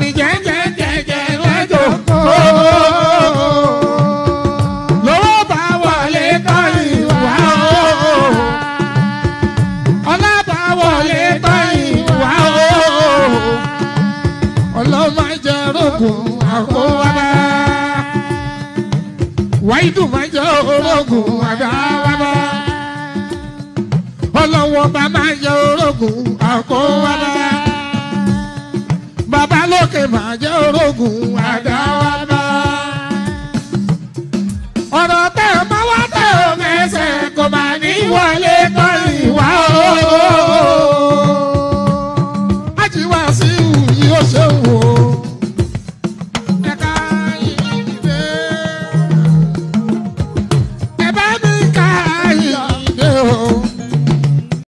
mi jẹ́jẹ́jẹ́jẹ́ wọ́n jókòó. lówó bá wọlé tọ́ ìwà o. ọlá bá wọlé tọ́ ìwà o. ọlọ́mọ jẹ́ rògùn àkówábá. wáyídùn máa jẹ́ orogùn àbáwábá. ọlọ́wọ́ bá máa jẹ́ orogùn àkówábá lókè bàjẹ́ orógùn àdáwádá. ọ̀rọ̀ tẹ̀ mọ́ wá tẹ̀ ò mẹ́sẹ̀ kò mà ní wọlé tán ìwà ooo. ajíwá sí ìwù ó ṣe wò Oh